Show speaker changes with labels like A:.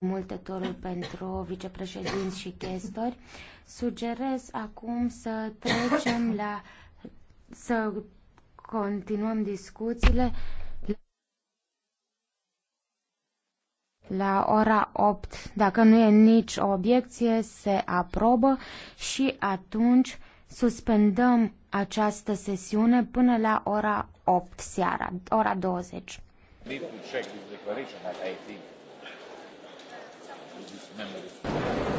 A: multe toruri pentru vicepreședinți și chestori. Sugerez acum să trecem la să continuăm discuțiile la ora 8. Dacă nu e nici o obiecție, se aprobă și atunci suspendăm această sesiune până la ora 8 seara,
B: ora 20
C: membrii.